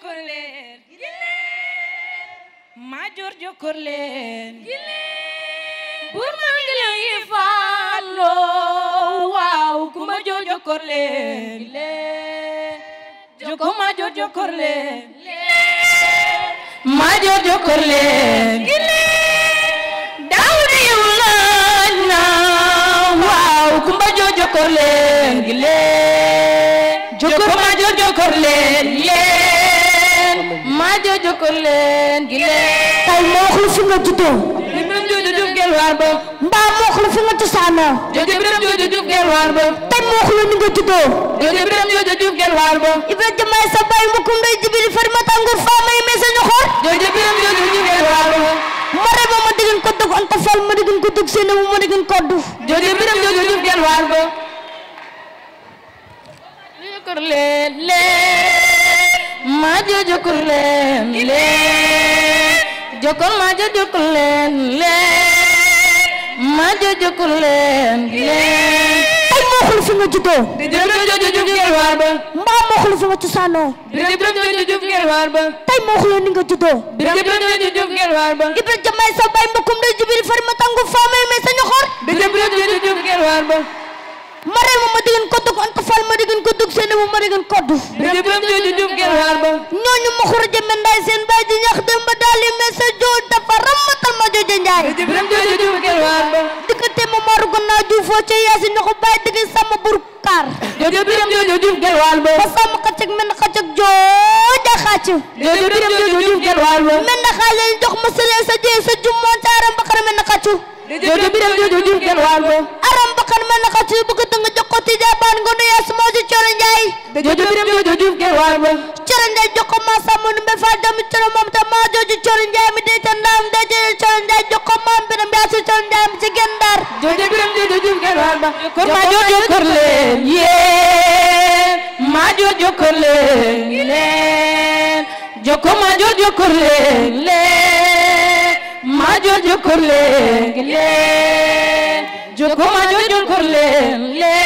jokor leen majoor jokor leen buur maa ngi leen yi faaloo waaw ku majoor jokor leen joko majoor jokor leen majoor jokor leen daawdi yu lañ na waaw ku majoor jokor leen joko majoor jokkoleen gi leen tay moo xul fi nga juddoo biram jooju jub gelwaar ba mbaa moo xul fi nga cosaanoo jooju biram jooju jub gelwaar ba tay moo xul ni nga juddoo jooju biram jooju jub gelwaar ba ibra jamaay sa baay mu kumbe jibiri farmata nguur faamay mee sa ñoxoor jooju biram jooju jub gelwaar ba mare ba ma digin ko dog anta fal ma digin ko dog seen ma digin ko duf jooju biram jooju jub gelwaar ba ñu ko leen leen majo jokul leen leen jokol majo jokul leen leen majo jokul leen leen ay moo xul fi nga juddoo mbaa moo xul fi nga cosaanoo tey moo xuloo ni nga juddoo ibra jamaay sa bay mbukum de jibiri fari ma tangu faamay may sañu xor ma rey ma ma digin ko dugg gën ko dug seen bu mari gën koddu debem joju jum gel har ba ñooñu ma xur jëmbe nday seen bay ji ñax dem ba daali me sa jool dafa ramatal ma jojo njaay debem joju jum gel har ba dikkate ma maru jum gel har ba ba sama xacak xacc jojo biram jojo jox sa jey sa jum mo taaram ba ko tëng jox ko ti jabaan Coro Ndiaye. jooju biram jooju jub ngeen waar ba. Coro Ndiaye jox maa sàmm nu mbéy fàtte coro moom te maa jooju Coro Ndiaye mi dee ca ndaam de jooju Coro Ndiaye jox ko maam biram Coro Ndiaye mi ci gendaar. jooju biram jooju jub ngeen waar ba. kon maa jooju kër leen leen maa jooju kër leen leen maa maa jooju kër leen leen.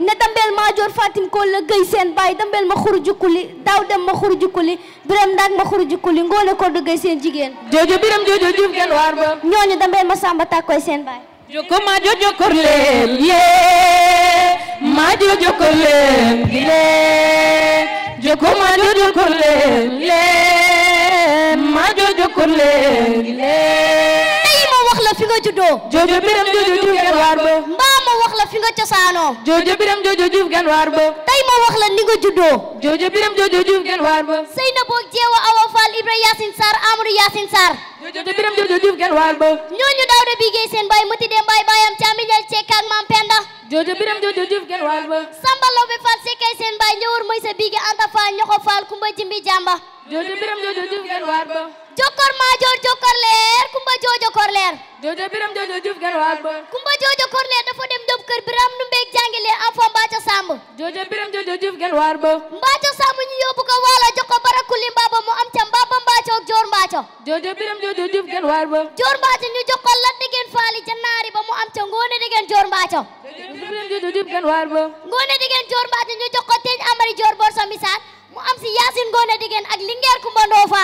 ne dambeel maa joor ko la gëy seen baay dambeel ma xuru jukkuli daaw dem ma xuru jukkuli biram ndaag ma xuru jukkuli ngoole ko du gëy seen jigéen jojo biram jojo juuf gen waar ba ñooñu dambeel ma samba tàkkooy seen baay joko maa jojo kor leen gilee joko jojo kor leen gilee nga juddoo joojo ba mbaa ma wax la fi nga cosaanoo joojo biram joojo juuf gen waar tey ma wax la ni nga juddoo joojo biram joojo juuf gen waar ba na boog jeewa awa faal ibra yaasin sarr amadou yaasin sarr ñooñu daawda bi seen baay mati dee mbaay baayam caamiñal ceek maam penda joojo biram joojo juuf gen waar ba samba faal sekkay seen baay ñëwor moy sa biige anta faal ñoxo faal kumba jimbi jàmba jojo biram jojo juuf gen waar ba jokkor maa joor jokkor leer kumba jojo kor leer jojo biram jojo juuf gen waar dem dëb kër biram nu mbeeg jàngi leer am foo mbaaco sàmb ñu yóbbu ko waala jox ko barakulli mbaaba mu am mbaaba mbaaco joor mbaaco jojo biram joor mbaaco ñu jox ko degen faali ca ba mu am ngoone degen joor mbaaco joor mbaaco ñu jox ko teeñ amari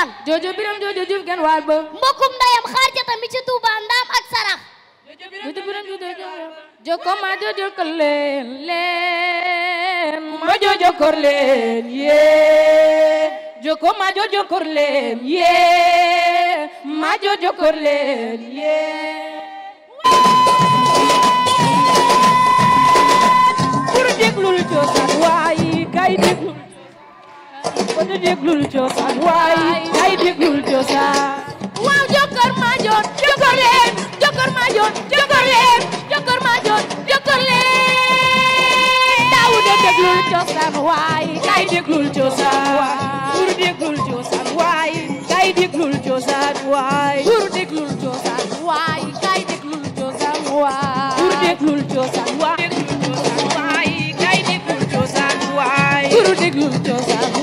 Birame Jojo Birame Jojo Diouf genn wàll ba mbokkum ndeyam xaar ja tamit ci Touba ndaam ak sarax Jojo Birame Jojo jojo ko leen leen ma jojo ko leen yee jokko ma jojo ko leen waayi kay déglu nu déglul cosaan waay ay déglul cosaan waaw jokkor maa joon jokkor leen jokkor maa joon jokkor leen jokkor maa joon jokkor leen daawuda déglul cosaan waay kay déglul cosaan waay bur déglul cosaan waay kay déglul cosaan waay bur déglul cosaan waay kay déglul cosaan waay bur déglul cosaan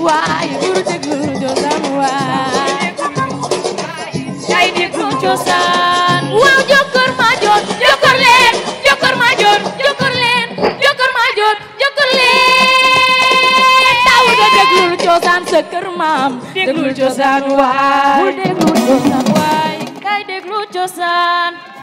waaye bul déglu cosaan waaye yaay déglu cosaan waaw jokkoor ma jot jokkoor leen jokkoor ma jot jokkoor leen jokkoor ma jot jokkoor leen taw da déglul cosaan sa kër maam déglul cosaan waaye bul déglu cosaan waaye yaay déglu cosaan